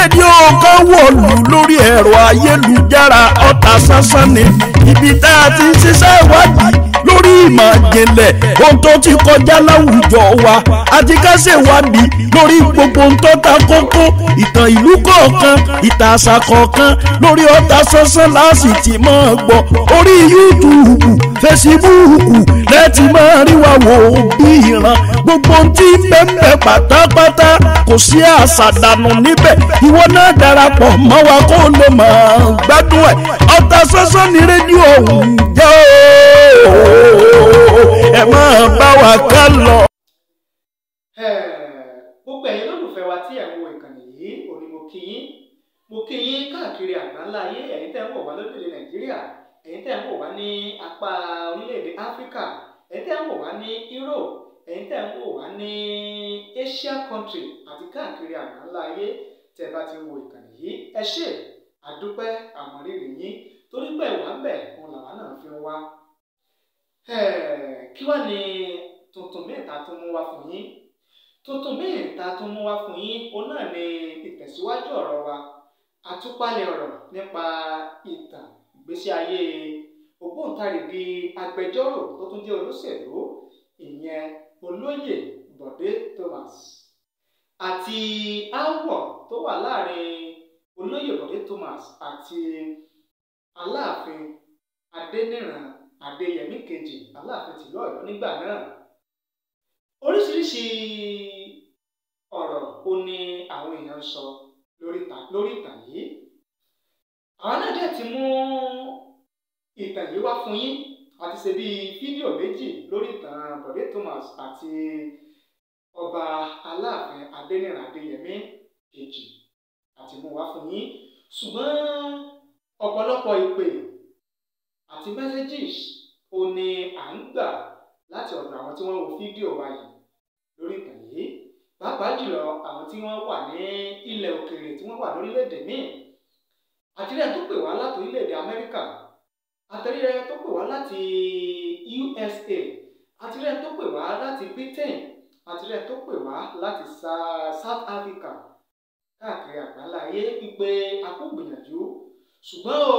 rédíò kan wò lù lórí ẹ̀rọ ayélujára ọ̀tà sánsán ni ibi tá a ti ń ṣiṣẹ́ ìwádìí lórí ìmọ̀ ìjìnlẹ̀ ohun tó ti kọjá láwùjọ wa àti ká ṣèwádìí lórí gbogbo ohun tó ta kókó ìtàn ìlú kọ̀ọ̀kan ìtàn àṣà kọ̀ọ̀kan lórí ọ̀tà sọ́sán láàsì tí máa gbọ́ orí yúùtùbù fẹsibúùkù lẹ́ẹ̀tì máa rí wa wò ó bí ìran gbogbo ohun tí pátápátá kò sí àṣà dànù níbẹ̀ ìwọ náà darapọ̀ mọ́ wa kó lè máa gbádùn ẹ̀ ọ̀tà sọ́sán ní rédíò ọ̀hún jẹ́ ooo ẹ máa bá wa ká lọ. gbogbo ẹ̀yin lólùfẹ́ wa tí ẹ̀ ń wo ìkànnì yìí ò ní mo kí yín mo kí yín káàkiri àgbáńlá ayé ẹ̀yin tẹ́ ń wò wá lórílẹ̀‐èdè nàìjíríà ẹ̀yin tẹ́ ń wò wá ní apá orílẹ̀‐èdè áfíríkà ẹ̀yin tẹ́ ń wò wá ní europe ẹ̀yin tẹ́ ń wò wá ní asia country àti káàkiri àgbáńlá ayé tẹ́ bá ti ń wo ìkànnì yìí ẹ ṣé àdúpẹ́ àmọ̀rírì yín torí pé ìwà ń bẹ òun làwọn náà fi ń wá kí wá ní tuntun mẹ́ta tó mú wá fún yín tuntun mẹ́ta tó mú wá fún yín òun náà ni ìtẹ̀síwájú ọ̀rọ̀ wa àtúpalẹ̀ ọ̀rọ̀ nípa ìtàn ìgbésí ayé ògbóǹtarìgì agbẹjọ́rò tó tún jẹ́ olóṣèlú ìyẹn olóyè Bọ̀dé Thomas àti aáwọ̀ tó wà láàrin olóyè Bọ̀dé Thomas àti aláàfin Adéníran adéyẹmí kejì aláàfin tìlú ọ̀yọ́ nígbà náà oríṣiríṣi ọ̀rọ̀ ó ní àwọn èèyàn sọ lórí ìtàn yìí àwọn náà dẹ̀ ti mú ìtàn yìí wá fún yín a ṣe bíi fídíò méjì lórí ìtàn Bọ̀dé Thomas àti ọba aláàfin adẹ́nìrán adéyẹmí kejì àti mú wá fún yín ṣùgbọ́n ọ̀pọ̀lọpọ̀ ìpè àti messages ó ní à ń gbà láti ọ̀dọ̀ àwọn tí wọ́n wo fídíò wa yìí lórí ìkànnì yìí pàápàá jùlọ àwọn tí wọ́n wà ní ilẹ̀ òkèèrè tí wọ́n wà lórílẹ̀‐èdè míì àtìrẹ́ tó pè wá láti orílẹ̀‐èdè Amẹ́ríkà àtẹ̀rẹ́ tó pè wá láti USA àtìrẹ́ tó pè wá láti Britain àtìrẹ́ tó pè wá láti South Africa káàkiri àgbáńlá ayé wípé a kú gbìyànjú ṣùgbọ́n o.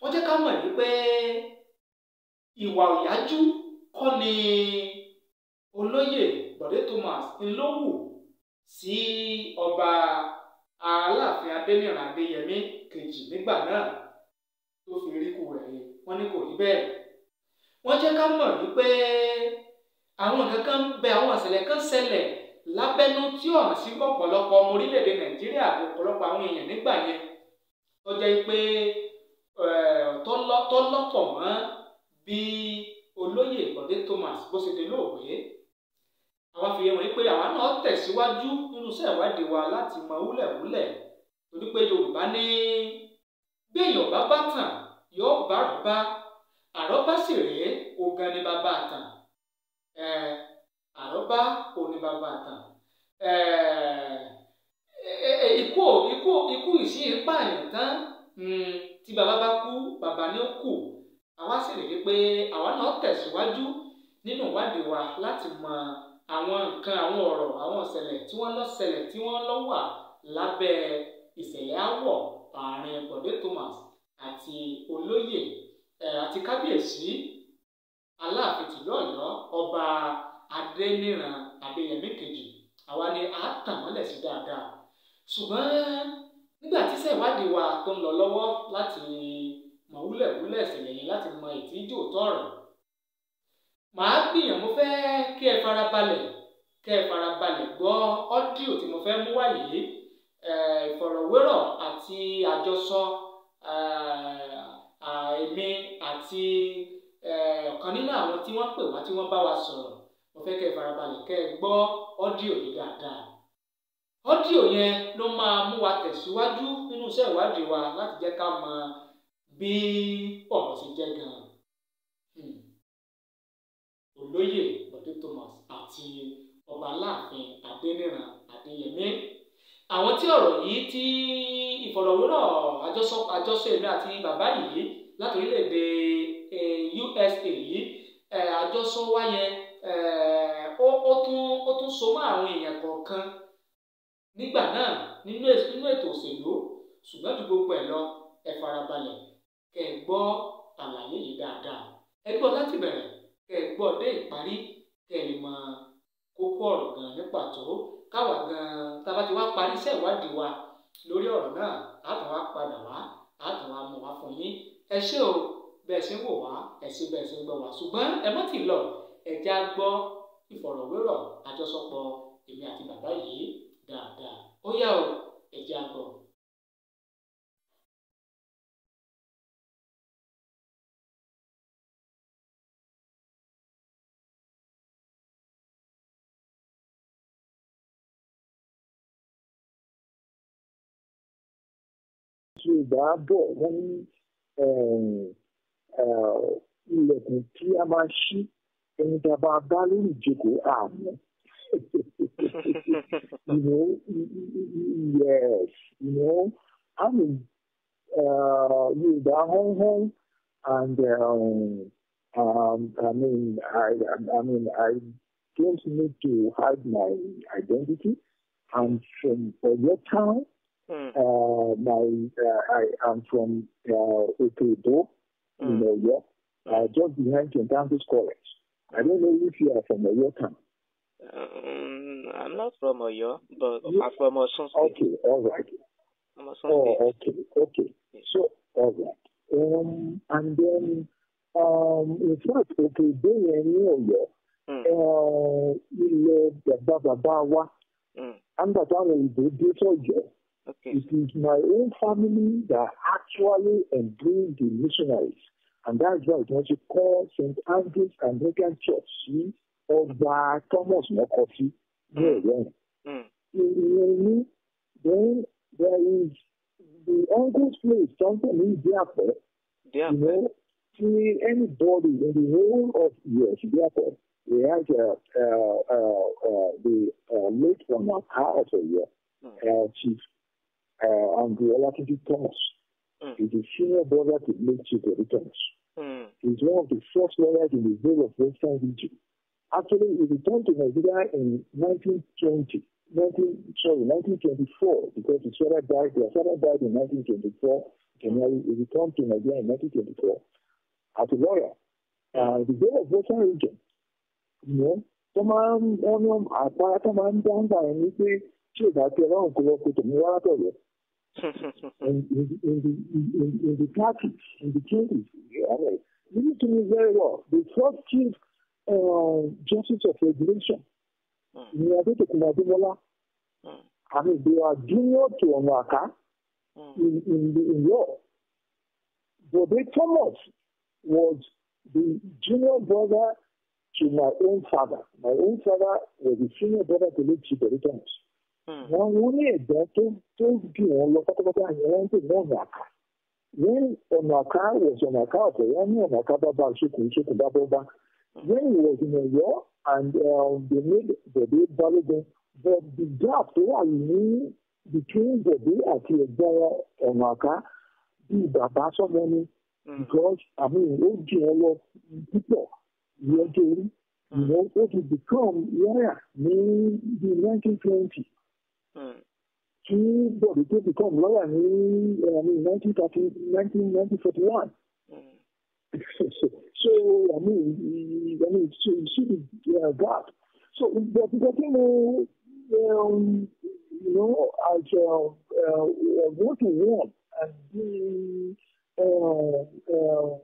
wọ́n jẹ́ ká mọ̀ wípé ìwà òyájú kọ́ ni olóyè Bọ̀dé Thomas ńlọ́wù sí ọba aláàfin adẹ́nìrán adéyẹmí kejì nígbà náà tó fi rí kú rẹ̀ yìí wọ́n ní kò rí bẹ́ẹ̀ wọ́n jẹ́ ká mọ̀ wípé àwọn nǹkan kan ń bẹ àwọn ìṣẹ̀lẹ̀ kan ṣẹlẹ̀ lábẹ́nú tí ọ̀nà sí ọ̀pọ̀lọpọ̀ ọmọ orílẹ̀-èdè nàìjíríà ọ̀pọ̀lọpọ̀ àwọn èèyàn nígbà yẹn tó jẹ́ pé tó lọ́pọ̀ mọ́ bí olóyè Bọ̀dé Thomas bó ṣe dolóògbé àwa fi yé wọn pé àwa náà tẹ̀síwájú nínú iṣẹ́ ìwádìí wa láti mọ wúlẹ̀wúlẹ̀ torí pé Yorùbá ní bí èèyàn bá bá tàn yóò bá àrọ́bá àrọ́bá sì rèé ogan ni bàbá àtàn àrọ́bá òní bàbá àtàn ikú ìsí ìpààyàn tán. Hmm, tí Baba bá kú bàbá ni ó kù àwa sì rí i pé àwa náà tẹ̀síwájú nínú ìwádìí wa láti mọ àwọn nǹkan àwọn ọ̀rọ̀ àwọn ìṣẹ̀lẹ̀ tí wọ́n lọ ṣẹlẹ̀ tí wọ́n lọ wà lábẹ́ ìṣẹ̀lẹ̀ àwọ̀ àárín Bọ̀dé Thomas àti olóyè àti kábíyèsí aláàfin tìlú Ọ̀yọ́ ọba Adéníran Adéyẹmí kejì àwa ni àátàn mọ́lẹ̀ sí dáadáa ṣùgbọ́n nígbà tí ṣèwádìí wa tó ń lọ lọ́wọ́ láti mọ wúlẹ̀wúlẹ̀ ìṣẹ̀lẹ̀ yẹn láti mọ ìtìjú òótọ́ ọ̀rọ̀ màá gbìyàn mo fẹ́ kí ẹ farabalẹ̀ kí ẹ farabalẹ̀ gbọ́ ọ́díò tí mo fẹ́ mú wáyé ìfọ̀rọ̀wérọ̀ àti àjọsọ èmi àti ọ̀kan nínú àwọn tí wọ́n pè wá tí wọ́n bá wa sọ̀rọ̀ mo fẹ́ kẹ́ ẹ farabalẹ̀ kẹ́ ẹ gbọ́ ọ́díò yìí dáadáa ọ́díò yẹn ló máa mú wa tẹ̀síwájú nínú iṣẹ́ ìwádìí wa láti jẹ́ ká mọ bí ọ̀rọ̀ ṣe jẹ́ gan-an. Hmm. olóyè bọ̀dé Thomas àti ọba aláàfin adéníran adéyẹmí àwọn tí ọ̀rọ̀ yìí ti ìfọ̀rọ̀wérọ̀ àjọṣe èmi àti bàbá yìí láti orílẹ̀-èdè USA yìí àjọṣọ wa yẹn ó tún so mọ́ àwọn èèyàn kọ̀ọ̀kan nígbà náà nínú ètò òṣèlú ṣùgbọ́n ju gbogbo ẹ̀ lọ ẹ farabalẹ̀ kẹ́ ẹ gbọ́ àlàyé yìí dáadáa ẹ gbọ́ láti bẹ̀rẹ̀ kẹ́ ẹ gbọ́ dé ìparí kẹ́ ẹ lè mọ kókó ọ̀rọ̀ gan ní pàtó káwa gan tá bá ti wá parí iṣẹ́ ìwádìí wa lórí ọ̀rọ̀ náà àtàwọn á padà wá àtàwọn á mọ̀ wá fún yín ẹ ṣé o bẹ́ẹ̀ ṣe ń wò wá ẹ ṣé bẹ́ẹ̀ ṣe ń gbọ́ wá ṣùgbọ́n ẹ má ti lọ ẹ já gbọ́ ìfọ̀rọ̀wérọ̀ àjọṣọpọ̀ èmi àti bàbá yìí dáadáa ó yá o ẹ̀jẹ̀ àgbọ̀. Yorùbá bọ̀ wọ́n ní ilẹ̀kùn tí a máa ṣí ẹni tí a bá bá lórí ìjókòó àmọ́. you know, yes, you know, i mean, uh, you know, and um, um, I mean, I, I mean, I don't need to hide my identity. I'm from your town. Mm. Uh, my, uh, I am from uh, Okedo, mm. in York, uh, just behind Kentucky College. I don't know if you are from Oyo town. Um, I'm not from Oyo, but you, I'm from Osun State. Okay, all right. I'm Osun State. Oh, okay, okay. Yes. So, all right. Um, and then, um, in fact, okay, being in Oyo, ilẹ̀ bàbá bàbá wa, nígbà táwọn òyìnbó dé sọ̀jọ́, it is my own family that actually embraced the missionaries, and that's why it was called St. Andrew's Anglican Church See. ọba Thomas lọkọ sí ní ẹ̀rọ then there is the uncle's place something ní ìdí àpẹ. To anybody in the whole of yes, therefore, we had uh, uh, uh, the uh, late one of house of here, mm. uh, Chief uh, Andrea Lakiti Thomas. Mm. He's a senior brother to late Chief Thomas. Mm. He's one of the first lawyers in the whole of Western Region. Actually, it returned to Nigeria in 1920, 19, sorry, 1924, because his father died, their father died in 1924. January, he returned to Nigeria in 1924 as a lawyer. Uh, the day of Western region, you know, wọ́n máa ń wọ́n ní àpárá tó máa ń dáńgbà ẹ̀ ní pé tí ò bá tẹ ẹ báwọn kò lọ kó in, in, in, in, in the 30s, in the 20s, Yeah, know, I mean, listen to me very well. The first chief Eh, justice of regulation hmm. ní adétòkùnbó adébọlá I hmm. mean they are junior to ọ̀nà hmm. in in the in law Bode Thomas was the junior brother to my own father my own father was the senior brother to late chief Bode Thomas wọn wọn ní ẹgbẹ́ tó tó bí wọn lọ pátápátá yẹn wọn ń pè ní ọ̀nà àká wọn ọ̀nà àká was ọ̀nà àká ọ̀tọ̀ wọn ní ọ̀nà àká bàbá ṣokùn ṣokùn bàbá ọba. when he was in York, and um, they made Bọ̀dé Balogun but the gap between the day between Bọ̀dé the ẹ̀gbọ́n the àká of bàbá sọ́mọ hmm. because I mean ó jẹ́ people, you púpọ̀ lọ́jọ́ hmm. you know, what ti become yeah, ní bíi nineteen twenty He hmm. Bọ̀dé tó become lawyer ní nineteen thirty nineteen ninety forty one. So, I mean, I mean, it should be uh, God. So, but, but you know, um, you know, as uh, uh, what we want and being, uh, uh,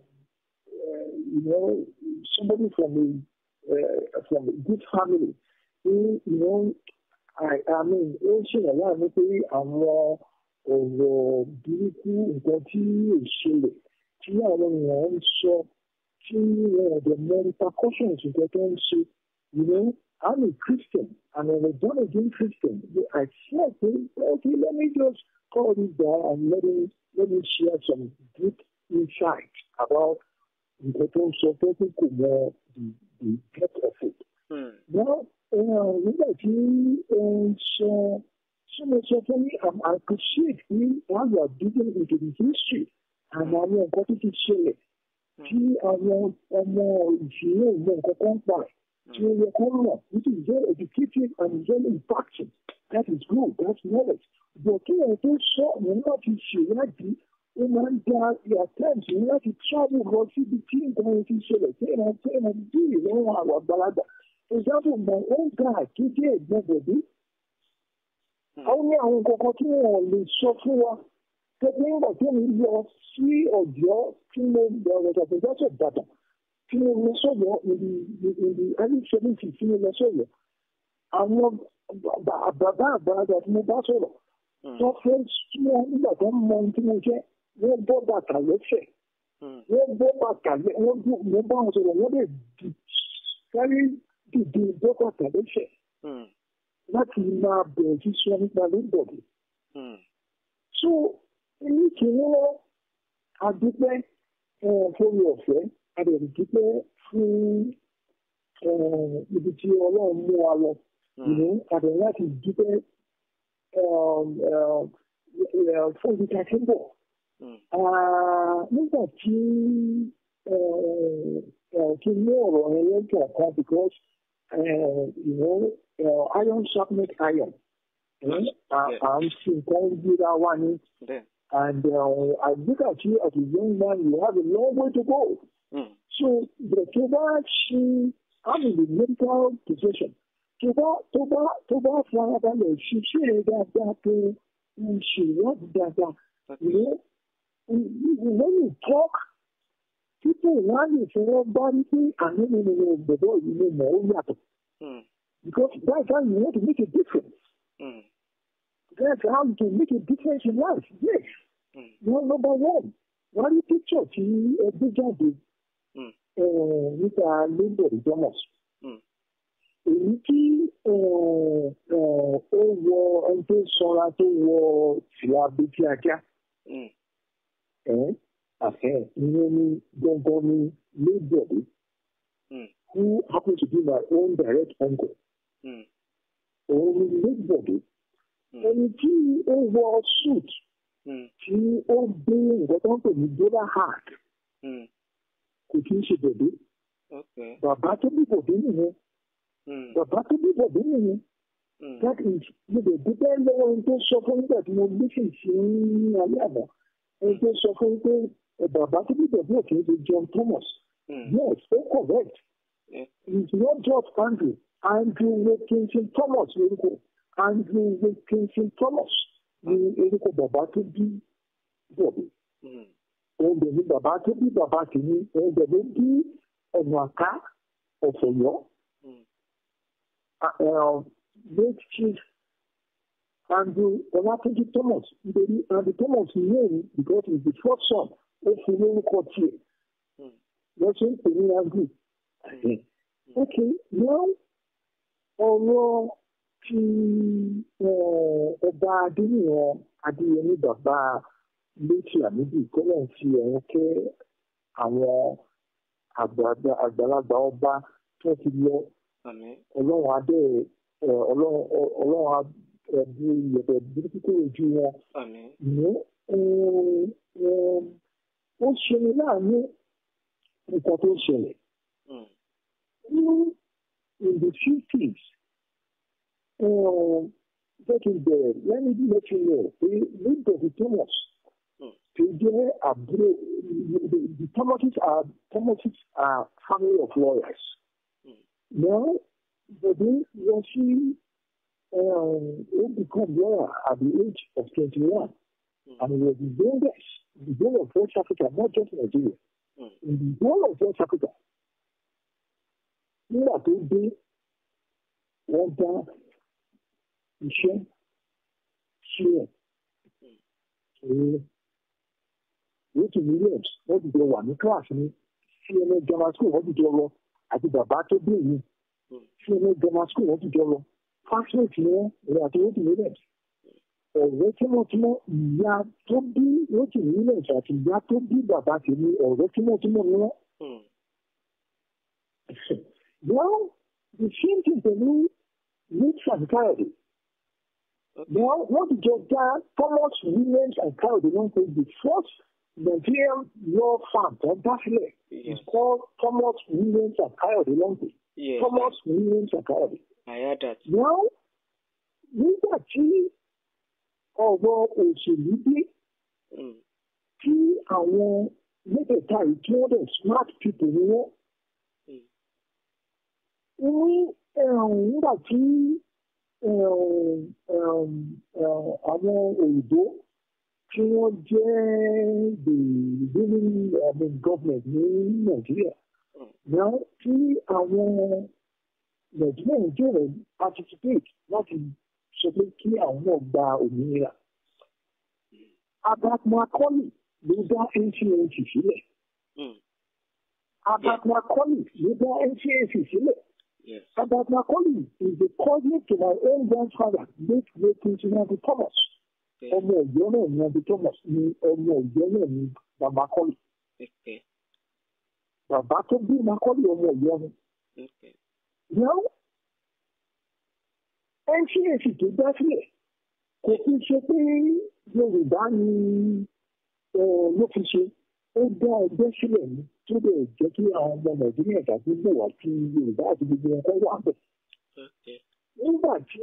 uh, you know, somebody from a uh, from a good family, you know, I, I mean, also a lot of people are more of nǹkan tí ò ṣẹlẹ̀ you know, èèyàn ń sọ. tí wọn ò dẹ̀ mọ nípa cautions nǹkan you know I'm a Christian and I'm a born again Christian I swear to okay let me just call this guy and let me let me share some deep insight about nǹkan tó ń sọ pé kí the the depth of it. Hmm. Now nígbà tí sọ sọmọ sọ fún mi I'm appreciate me as you are digging into the history and I'm nǹkan to share it tí hmm. àwọn ọmọ ìṣúná ìgbọ̀n kankan pa tí ó yẹ kó rọ̀ is very educating and very impacting that is good That is knowledge but kí ẹ̀ tó sọ ọ̀hún láti ṣèwádìí ó máa ń da attempt láti travel lọ síbi tí nǹkan ẹ̀ ti ṣẹlẹ̀ tí ẹ̀ tí ẹ̀ dì lọ́wọ́ àwọn àgbàlagbà for example my own guy tó jẹ́ ẹ̀gbọ́n bọ̀dé hmm. ó ní àwọn kankan tí wọ́n lè sọ fún wa tó pé ń bọ̀ tó mi lọ sí ọ̀dọ́ tí mo bẹ̀rẹ̀ ọ̀dọ̀gbẹ́sẹ̀ bàbà tí mo lọ sọ̀rọ̀ ibi ẹni sẹ́mìtì tí mo lọ sọ̀rọ̀ àwọn bàbá àgbàlagbà tí mo bá sọ̀rọ̀ tó hmm. fẹ́ súnmọ́ nígbà tó ń mọ ohun tí mo jẹ́ wọ́n bọ́ bàtà lẹ́sẹ̀ hmm. wọ́n bọ́ bàtà lẹ́ bá wọn sọ̀rọ̀ wọ́n lè dì sáré dìde bọ́ bàtà lẹ́sẹ̀ hmm. láti máa bẹ̀rẹ̀ sísun nípa lóbọ̀dì. so ní kìíní lọ àdúpẹ́ fórí ọ̀fẹ́ àdẹ̀dúpẹ́ fún ibi tí ọlọ́run mú wa lọ hmm. ìlú àbẹ̀ láti dúpẹ́ fún ibi tí a ti ń bọ̀. Hmm. nígbà tí kí n mú ọ̀rọ̀ yẹn lẹ́jọ́ kan because you know, uh, iron sharpens iron. à hmm. ń fi nǹkan gbéra wa ní. And uh, I look at you as a young man, you have a long way to go. Mm. So the Toba, she, I'm in the mental position. Toba, Toba, Toba, Father, she said that, that, uh, she was that, uh, that, you know, when you talk, people want you to know body and then you know, the boy, you know, more, you know, hmm. because that time, you want to make a difference. Mm. That how you can make a difference in life. Yes. Mm. You're number one. Wọ́n rí píkṣọ̀ tí ẹgbẹ́ jáde nípa London Thomas. Èyí tí eh, eh, ó wọ ẹni tó sanra tó wọ tìlà abẹ́tí ajá. Àfẹ́ ìyẹn ni gbọ̀ngàn ni London hmm. who happens to be my own direct uncle. Hmm. Òun ni London. Hmm. ẹni tí ó wọ suit hmm. tí ó gbé nǹkan tó ń pè ní dollar hack hmm. kò kí ń ṣe bèbè bàbá tó bí bòbí nìyẹn bàbá tó bí bòbí nìyẹn that is mo lè dúpẹ́ lọ́wọ́ ẹni tó sọ fún nígbà tí mo listen sí ní alẹ́ àná ẹni tó sọ fún pé bàbá tó bí bòbí òkè ṣe John Thomas yes ó correct it's not just Andrew Andrew Wilkinson Thomas lórúkọ. Andrew Wilkinson Thomas ni orúkọ bàbá tó bí bọ̀dé. Hmm. Òun dẹ̀ ni bàbá tó bí bàbá tèmi, òun dẹ̀ ló bí ọ̀nà àká ọ̀fọ̀yọ́. Hmm. Um, late Chief Andrew Olatunji Thomas nítorí Andrew Thomas name because he be the first son ó fi lórúkọ tiẹ̀. Hmm. Wọ́n ṣe ń pè ní Andrew. Okay, now ọ̀rọ̀ tí ọba adéníran adéyẹmí bàbá lẹ́kì àmìdí kọ́lọ̀ ń fi ẹ̀rùn kẹ́ àwọn àgbàlagbà ọba tó ti lọ ọlọ́run adé ọlọ́run ẹ̀bí ìyẹ̀bẹ̀ burúkú kúrò ju wọn. ní ó ṣe ni láàánú nǹkan tó ṣẹlẹ̀. Hmm. in the fifties Uh, let me let you know. The mo ti rẹ̀ thomas hmm. tó jẹ́ the thomases are thomases are family of lawyers. Mm. now bẹ̀bí wọ́n sí ó become lawyer at the age of twenty-one mm. and he was the youngest the goal of West Africa not just Nigeria mm. in the goal of West Africa nígbà tó dé wọ́n dá iṣẹ́ ṣílẹ̀ ṣòro rotary williams wọ́n ti jọ wà ní kíláàsì ní cma grammar school wọ́n ti jọ lọ àti bàbá tó bí èyí cma grammar school wọ́n ti jọ lọ classmate ni wọ́n rẹ̀ àti rotary williams ọ̀rẹ́ tímọ́tímọ́ ìyá tó bí rotary williams àti ìyá tó bí bàbá tèmi ọ̀rẹ́ tímọ́tímọ́ ni wọ́n. now the same thing pẹ̀lú late satisfaction. They want to get that Thomas Williams and Kyle they don't take the first Nigerian law firm tó dá sílẹ̀ is called Thomas Williams and Kyle they don't take. Yes. Thomas Williams and Kyle they. I heard that. Now, nígbà tí ọ̀rọ̀ òṣèlú dé hmm. tí àwọn mẹ́tẹ̀ẹ̀ta yìí tí wọ́n dẹ̀ smart people know. We wọ́n. we hmm. nígbà tí àwọn òyìnbó tí wọ́n jẹ́ the ruling um, government ní nàìjíríà hmm. náà tí àwọn nàìjíríà ń jèrè participate láti sọ pé kí àwọn náà gba òmìnira. Hmm. Abat Macaulay ló dá NCNC sílẹ̀. Hmm. Abat Macaulay ló dá NCNC sílẹ̀. Yes. And that Macaulay is the coordinate to my own grandfather, late great Cincinnati Thomas. Ọmọ ọ̀yọ́ náà ni Andy Thomas ni ọmọ ọ̀yọ́ náà ni bàbá Macaulay. Bàbá tó bí Macaulay ọmọ ọ̀yọ́ Okay. Yàrá NCAC tó dá sílẹ̀ kò fi ṣe pé Yorùbá ni eh, ló fi ṣe ó dá ẹgbẹ́ sílẹ̀ ni tó lè jẹ́ kí àwọn ọmọ nàìjíríà tàbí bò àti yorùbá àti gbogbo nǹkan wà bẹ̀. nígbà tí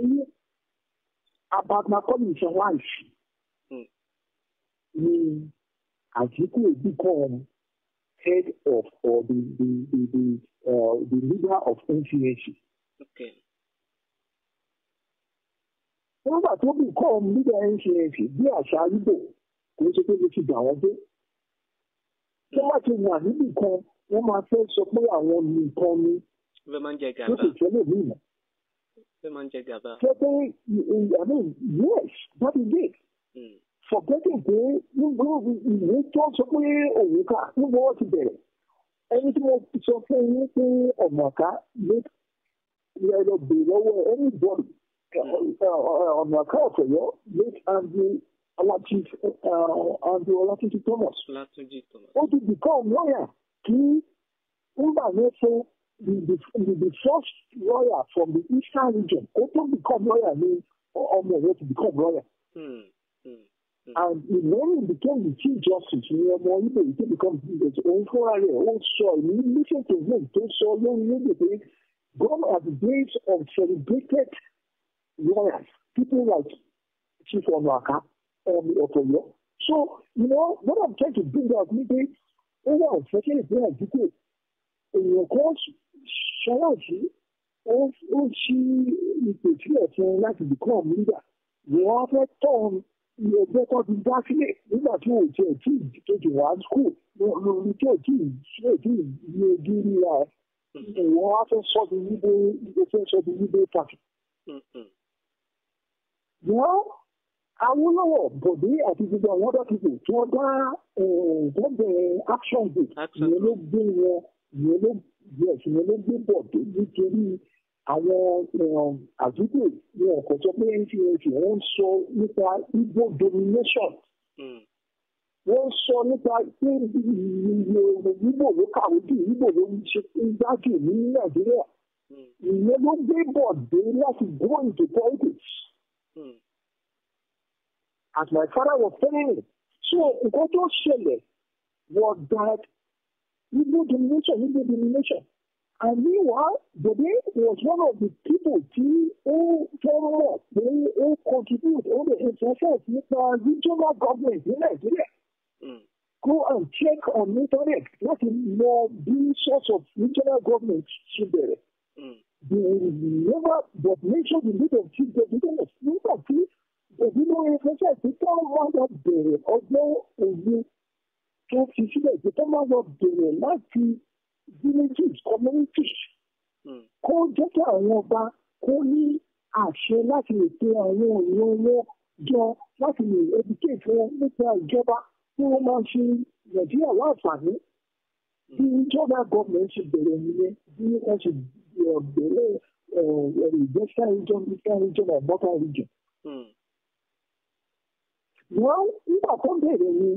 abatma commission life ni àtìkù become head of or the the the the, uh, the leader of NCAC. Okay. nígbà tó become leader NCAC bí àṣà ibo kò ń ṣe pé mo ti gbà wọ́n dé tó má ti wà níbì kan wọ́n máa fẹ́ sọ pé àwọn nìkan ni tó sì fẹ́ lè nìyẹn. ṣé pé i mean yes that is it. Mm. forgetting pé nígbà ìwé tó sọ pé òun ká nígbà wọ́n ti bẹ̀rẹ̀ ẹni tí mo sọ fún yín pé ọ̀mọ̀ká ló yẹ lọ bèè lọ́wọ́ anybody hmm. ọ̀mọ̀ká ọ̀fẹ̀yọ́ late andrew. Ọlátunjí Andrew Ọlátunjí Thomas. Ọlátunjí Thomas. become lawyer He nígbà yẹn the the the first lawyer from the eastern region ó tó become lawyer on ọmọ way to become lawyer. Hmm. Hmm. Mm. And when he became the chief justice He became ibẹ̀ yìí tó become the òun fúnra rẹ̀ ó sọ ní listen to him tó sọ lórí rédíò gone are the days of celebrated lawyers people like Chief Onoaka um, Otoyo. So, you know, what I'm trying to bring out ni pé ó wà òfẹ́kẹ́ ìpínlẹ̀ àdúgbò èèyàn kan ṣaláàtì ó ń ṣí ipò sílẹ̀ fún láti become leader. Ìwọ́n á fẹ́ tọ́n ẹgbẹ́ kan ti dá sílẹ̀ nígbà tí òun ti ẹ̀tí ìdíkejì wá school lórí tí ẹ̀tí ìdíkejì ní ojú ríra ẹ̀. Ìwọ́n á fẹ́ sọ́ ti wípé ó fẹ́ sọ́ ti wípé pàtó. Ìwọ́n Awolowo Bòdé àti gbogbo àwọn ọ̀dọ́ tuntun tí wọ́n dá ẹ̀ẹ́dẹ́gbẹ̀ eh, action group ìyẹn ló gbé wọn ìyẹn ló yes ìyẹn ló gbé Bòdé nítorí àwọn eh, àdúgbò ní ọ̀kọ̀ sọ pé NCNC wọ́n ń sọ nípa Igbo domination hmm. wọ́n sọ nípa pé eh, Igbo ló kàwé bí Igbo ló ń ṣe gbájú ní Nàìjíríà hmm. ìyẹn ló gbé Bòdé láti go into politics. Hmm. as my father was telling me. So nǹkan tó ṣẹlẹ̀ was that Igbo domination, Igbo domination. And meanwhile, Bode was one of the people who ó fẹ́ràn mọ̀ they all contribute the lè influence the regional government ní Nàìjíríà. Hmm. Go and check on internet What is more, bí source of regional government ṣe They will never but make sure the leader of chief government not ìdílé ìfẹsẹ̀ tí tó máa lọ bẹ̀rẹ̀ ọjọ́ òye tó fi sílẹ̀ tí tó máa lọ bẹ̀rẹ̀ láti villages communities hmm. kó jẹ́ kí àwọn ọba kó ní àṣẹ láti lè pe àwọn èèyàn wọn jọ láti lè educate wọn nípa ìjọba tí wọ́n máa ṣe nàìjíríà láǹfààní hmm. bí ìjọba gọọmenti ṣe bẹ̀rẹ̀ nìyẹn bí wọ́n ṣe bẹ̀rẹ̀ eh, eh, ìgbésẹ̀ ìjọba ìjọba ìbọ́ta region. Hmm wọ́n nígbà tó bẹ̀rẹ̀ ni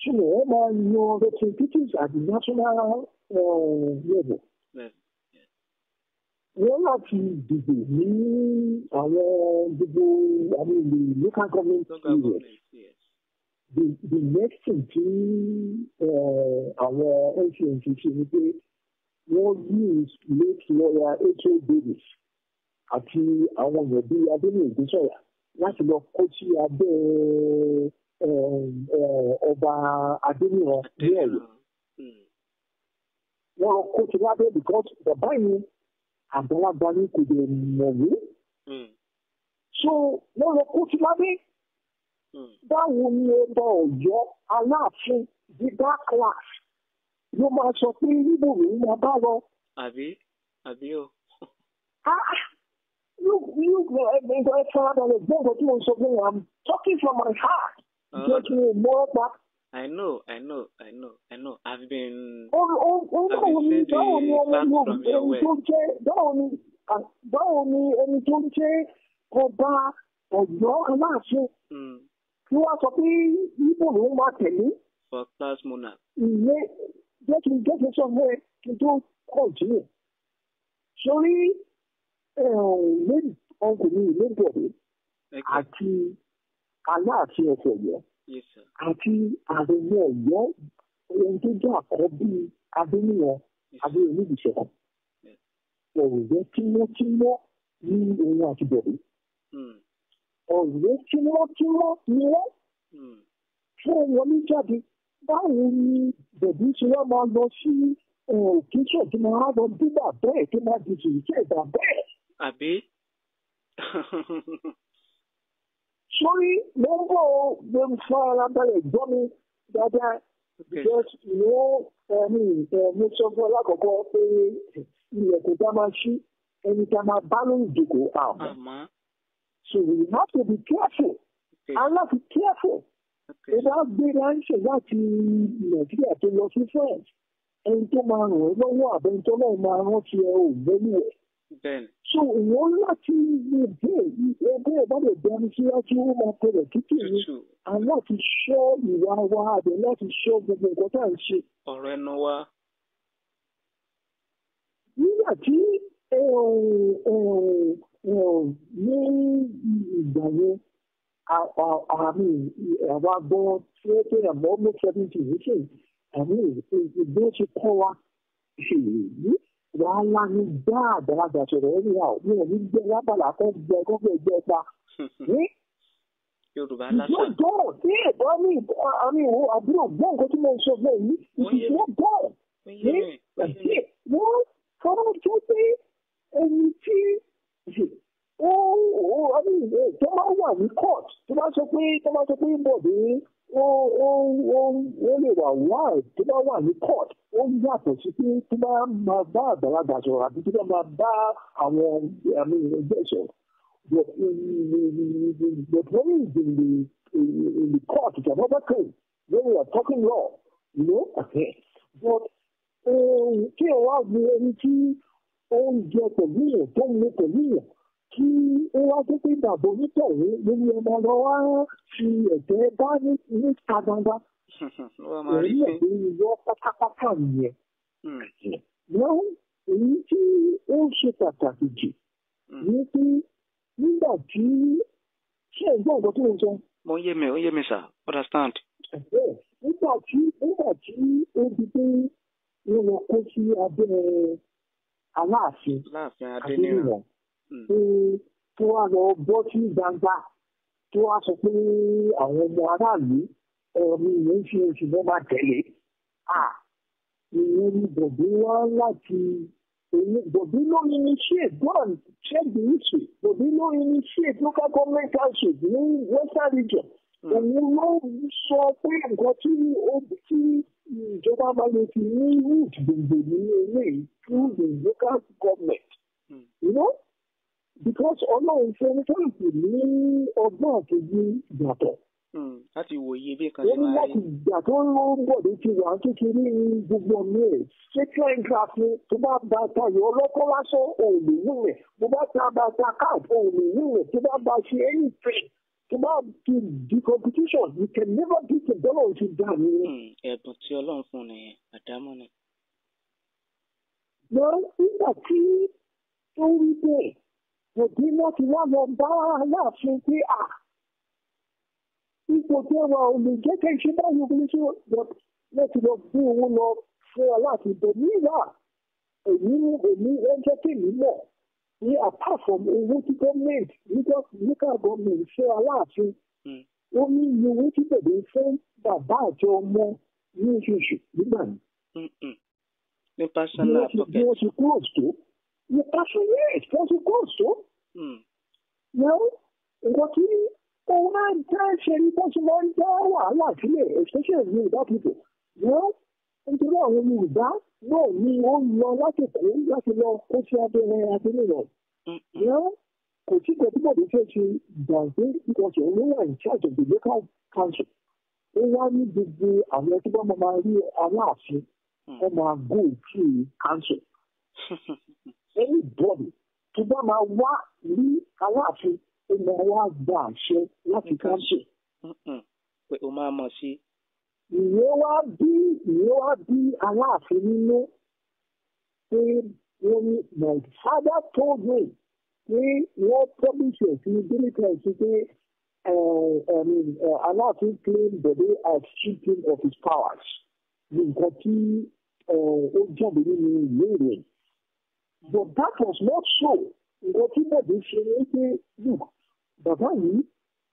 ṣùgbọ́n wọ́n máa yan representatives at the national eh, level. wọ́n láti dìbò ní àwọn gbogbo àwọn ìlú local government areas. The, the next thing tí eh, àwọn NCNC ṣe ni pé wọ́n use late lawyer H.O. Davis àti àwọn èèyàn bíi adéníyàn gbèsè láti lọ kó sí abẹ́ eh, eh, ọba adéníran ní ẹ̀yọ́. Hmm. wọ́n lọ kó sí lábẹ́ because bàbá yẹn àgbàlagbà ni kò dẹ̀ mọ̀wé. Hmm. so wọ́n lọ kó sí lábẹ́ hmm. báwo ni ọba ọ̀yọ́ aláàfin dídá class ló máa sọ pé níbo lòun máa bá lọ. àbí àbí o. Ah, ah you, you, my father, the God that you eh, eh, eh, so I'm talking from my heart. Get uh, me more back. I know, I know, I know, I know. I've been. Oh, oh, oh, I've been oh, oh, from your way. báwo ni ẹni tó ń jẹ́ ọba ọ̀yọ́ aláàfin tí wọ́n sọ pé ibo lòún máa tẹ̀lé. for class monarch. ìyẹn jẹ́ kí n jẹ́ kí n sọ fún ẹ lẹ́yìn ọ̀sẹ̀ ní ìlẹ́gbọ̀dé àti aláàfin ẹ̀sẹ̀ yẹ àti àdéhùn ọ̀yọ́ ohun tó jẹ́ àkọ́bí adéníyàn adéyẹ níbi ìṣẹ̀kọ̀ ọ̀rẹ́ tímọ́tímọ́ ní ohun àtibọ̀dé hmm. ọ̀rẹ́ tímọ́tímọ́ ni wọ́n fún hmm. wọlé jáde báwo ni bẹ̀bí ṣe wá máa lọ sí òkè ṣọ̀tún máa lọ dúgbà bẹ́ẹ̀ tó máa di jìnnìkẹ́ ìgbà bẹ́ẹ̀ àbí. mo rí mo ń bọ̀ mo ń fọ́ ara balẹ̀ gbọ́ mi dáadáa because ìwọ ẹ̀mí mo sọ fún ọ lákọ̀ọ́kọ́ pé ilẹ̀ kò dá máa ṣí ẹni tá máa bá lórí ìdòkò àmọ́ so we have to be careful and not be careful ó bá gbéra ń ṣe láti nàìjíríà tó lọ sí france ẹni tó máa ràn ẹ́ lọ́wọ́ àbẹ́ntọ́ náà máa rántí ẹ ò gbẹ́lú ẹ̀ so ìwọ́n láti ìdí èyí ẹgbẹ́ ìbáde bẹni sí láti ó máa tẹ̀lé títì ní and láti ṣọ́ ìwà wa àbẹ̀ láti ṣọ́ gbogbo nǹkan tá à ń ṣe. ọ̀rọ̀ ẹnu wa. nígbà tí eh, eh, eh, ní ìgbà yẹn àmì àwa gbọ́ tí ó pé àmọ́ mú seventy nísìnyí àmì ìgbẹ́ ti kọ́ wa ṣèlérí wàhálà ní dáadáa àgbàṣọ̀rọ̀ ẹ̀rí wa mi ò hmm. ní gbé lábàlá fẹ́ gbẹ kó fẹ́ gbẹ pa. Yorùbá lásán. Yóò dọ̀ sí ẹ̀bọ́ ní àmì ìwò àbúrò gbọ́ nǹkan tí mo ń sọ fún yìí. Ìṣòro dọ̀ ní ẹ̀sìn. Wọ́n fọwọ́ jẹ́ pé ẹni tí ó ó àmì ìwò tó máa wà ní court tó máa sọ pé tó máa sọ pé bọ̀dé ó ó ó ó lè wà wáì tó bá wà ní court ó yàtọ̀ sí pé tó bá máa bá àgbàlagbà sọ̀rọ̀ àbí tó bá máa bá àwọn àmì ẹgbẹ́ sọ̀rọ̀ but in the the in the in, the court it's another thing when we are talking law you know but um, kí ẹ wá gbé ẹni tí ó ń jẹ pẹ̀lú yẹn tó ń lé pẹ̀lú yẹn kí ó wá tó pé dàbò nítọ̀wé lórí ọmọ ọ̀rọ̀ wá fi ẹ̀jẹ̀ bá níta gbangba. èyí ẹ̀jẹ̀ yọ pátápátá nìyẹn. lọ́wọ́ hmm. èyí tí ó ṣe pàtàkì jù hmm. ni pé nígbà tí ṣé ẹ̀ ń gbọ́ ọ̀dọ́ tó ń sọ. mo ń yé mi ó yé mi sir understand. nígbà tí nígbà tí ó di pé wọ́n lọ kó sí abẹ́ aláàfin. aláàfin adé níran tí hmm. wọ́n lọ bọ́ sí gbangba tí wọ́n sọ pé àwọn ọmọ aráàlú ọ̀rọ̀ ìyẹn fi oṣù mọ́ máa tẹ̀lé ìyẹn ni bọ̀dé wá láti bọ̀dé ló initiate go and check the history bọ̀dé ló initiate local government ní western region hmm. òun ló sọ pé nǹkan tí ìjọba máa lè fi ní root gbòǹgbò nínú eléyìí through local government. Hmm. You know? because ọlọ́run fún ẹni fẹ́ràn pè ní ọgbọ́n àkejì yàtọ̀. Hmm, láti wòye bí kan ṣe máa rí. wọ́n ní láti ìgbà tó ń lọ bọ̀dé ti wà kékeré ní gbogbo ọmọ ẹ̀ ṣé telegraph ni tó bá ba tayọ̀ ọlọ́kọ́ lásán òun lè wúlẹ̀ tó bá ta ba ta card òun lè wúlẹ̀ tó bá ba ṣe anything tó bá ti di competition you can never beat the dollar ti dà mí. ẹ̀bùn tí ọlọ́run fún ni àdámọ́ ni. lọ nígbà tí tó rí bẹ́ẹ̀ òbí náà ti wá lọ bá aláàfin pé à ipò tó wà omi kékeré ṣe báyìí omi ṣe lọ́ti lọ bí owó lọ fún aláàfin bẹ̀mí ìyá èmi èmi ẹjẹ́ tèmi mọ̀ ní apart owó tí gọ́ọ̀mẹ̀ntì nígbà gọ́ọ̀mẹ̀ntì fún aláàfin hmm. ó ní iye owó tí bẹ̀bẹ̀ fún bàbá àjọ ọmọ ní oṣooṣù nígbà yìí. Hmm, hmm. ní pásánà àtọ́kẹ́. bí wọ́n ti kúrò tó ní pásánà yẹ́ẹ̀ wọ́n ti kúrò tó. Now, hmm. nǹkan tí ó wá ń tẹ́ ṣe ní tó máa ń dá wàhálà sílẹ̀ especially ní ìdá pípọ̀. Now, nítorí àwọn Yorùbá náà ni ó ń lọ láti pè láti lọ kó sí abẹ́rẹ́ abẹ́rẹ́ rẹ̀. Now, hmm. kò sí ìgbà tí fẹ́ ṣe gbàgbé ìkọ̀sẹ̀ ló wà ní charge of the local council. ó wá ní gbogbo àwọn tó bá máa rí aláàfin hmm. wọ́n máa go council. anybody tó bá máa wá wá gba àṣẹ láti káṣẹ. pé o máa mọ̀ sí. ìyẹn wá bí ìyẹn wá bí aláàfin nínú pé wọ́n ní my father told me pé wọ́n promise ẹ̀ sí bíríkà sí pé eh, eh, aláàfin claim bẹ̀rẹ̀ as chieftain of his powers nǹkan tí eh, ó jáde nínú ìwé ìròyìn but that was not so nǹkan tí bẹ̀rẹ̀ ṣe é pé look bàbá yìí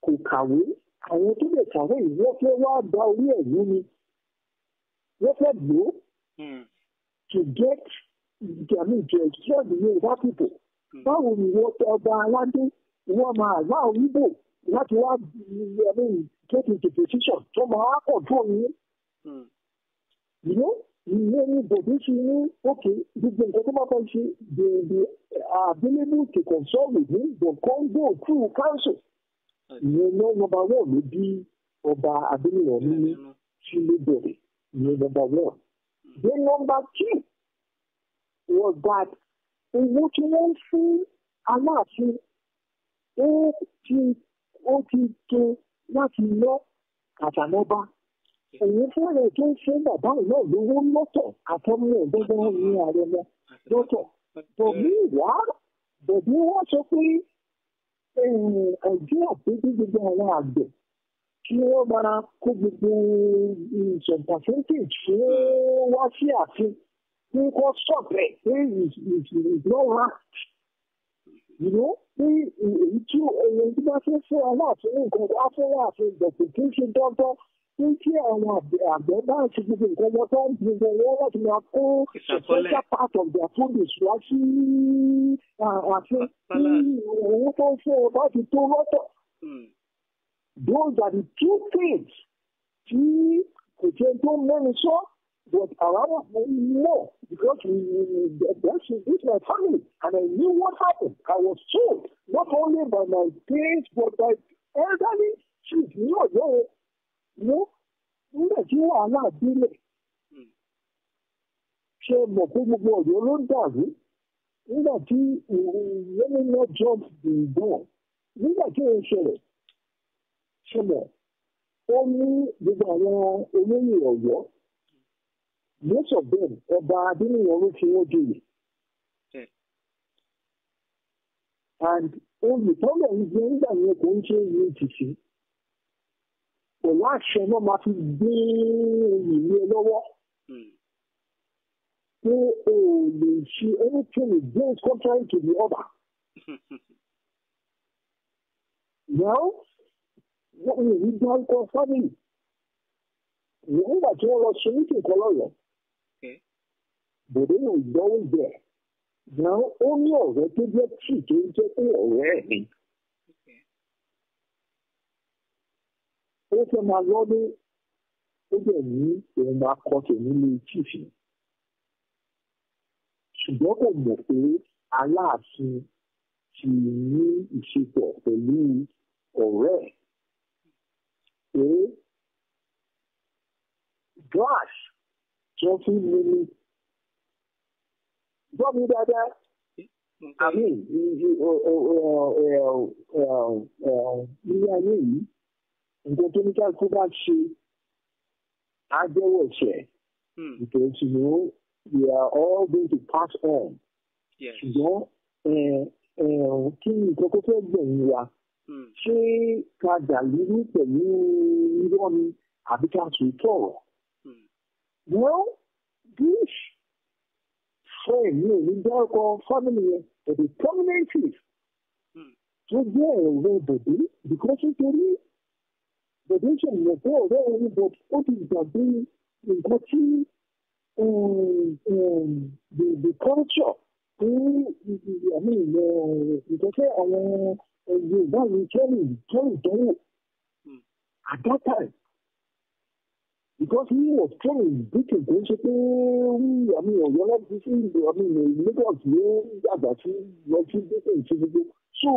kò kàwé àwọn tó lè kàwé yìí wọ́n fẹ́ wá gba orí ẹ̀ yín ni wọ́n fẹ́ lò ó hmm. to get I mean to exploit the Yorùbá people hmm. báwo ni wọ́n tẹ ọba aládé wọ́n máa wá oníbò láti wá I mean get into position tó máa wá control yín. Hmm. You know? ìyẹn ni bòbí ṣe ní òkè gbogbo nǹkan tó bá fẹ́ ṣe they they are uh, available to consult with him but can through council ìyẹn náà nọ́mbà one ló bí ọba adéníyàn nínú tí ló bẹ̀rẹ̀ ìyẹn nọ́mbà one. then number two was that owó tí wọ́n fún aláàfin ó ti ó ti tó láti lọ kàtàmọ́bá èyí fẹ́rẹ̀ tó ń ṣe bàbá náà lówó lọ́tọ̀ àtọ́mú ẹ̀gbẹ́gbẹ́ ní ààrẹ mọ́ lọ́tọ̀ bòmí ìwá bòmí wọ́n sọ pé ọjọ́ àpéjú gbogbo àwọn àgbẹ̀ kí wọ́n máa kó gbogbo some percentage fún wá sí ààfin kí wọ́n sọ̀bẹ̀ pé ìgbọ́ra ìlú pé èyí tí ẹ̀yẹ tí wọ́n fẹ́ fún aláàfin nǹkan afẹ́láàfin gbọ̀gbọ̀ kì í ṣe dọ́gbọ́n pé kí àwọn àgbẹ̀ bá ṣe gbogbo nǹkan wọn tó ń gbogbo wọn láti máa kó special part of their food wá sí àfin tí owó tó ń fún ọ bá tó lọ́tọ̀. Hmm. those are the two things tí kò jẹ́ tó mẹ́nu sọ but àwọn mọ̀ because we that's this my family and I knew what happened I was told not only by my parents but by elderly chief ní ọ̀yọ́ o. wo nígbà tí wàhálà hmm. ṣe mọ̀ pé gbogbo ọ̀yọ́ ló dàrú nígbà tí lẹ́mínà jump the gun nígbà tí ó ṣẹlẹ̀ ó ní gbogbo àwọn olóyè ọ̀yọ́ most ọba adínìyàn ló fi wọ́n hmm. and nígbà yẹn kò ń ṣe pẹ̀lú àṣẹ náà máa fi gbé ìlú lọ́wọ́ hmm. pé o ṣe anything against contrary to the order. Now, wọ́n mi ní dárúkọ family. Nígbà tí wọ́n lọ ṣe ní kìkan lọ́yọ̀ọ́. Bòdé náà gbọ́wọ́ bẹ̀. Now, ó ní ọ̀rẹ́ tó jẹ́ tì tó ń jẹ́ pé ọ̀rẹ́ mi. ó fẹ́ máa lọ́lé ó dẹ̀ ní òun máa kọ́ tòun ní chiefs ṣùgbọ́n kò mọ̀ pé aláàfin ti ní ìṣepọ̀ pẹ̀lú ọ̀rẹ́ pé glass tó fi mú mi gbọ́ mi dáadáa àmì ilé ayé yìí nǹkan tó ní káàkó bá ṣe á jẹ́wọ́ ṣẹ̀ hmm. because you know we are all going to pass on ṣùgbọ́n kí ni nǹkan tó fẹ́ gbẹ̀yìn wa hmm. ṣé ká dà lórí pẹ̀lú irọ́ ni àbí ká tún tọ̀rọ̀ hmm. well this friend mi ò ní dárúkọ family yẹn but the prominent chief tó jẹ́ ẹ̀rọ bòbí because nítorí bèbí ìṣèlú tó ọ̀rẹ́ orí bọ̀ ó ti gbàgbé nǹkan tí the the culture tí àmì ìtọ́sẹ́ àwọn Yorùbá mi kẹ́rì kẹ́rì dánwò at that time because he was trained britain kò ṣe pé àmì ọ̀yọ́ láti sí àmì lagos ló àgbà sí lọ sí britain ṣe gbogbo so.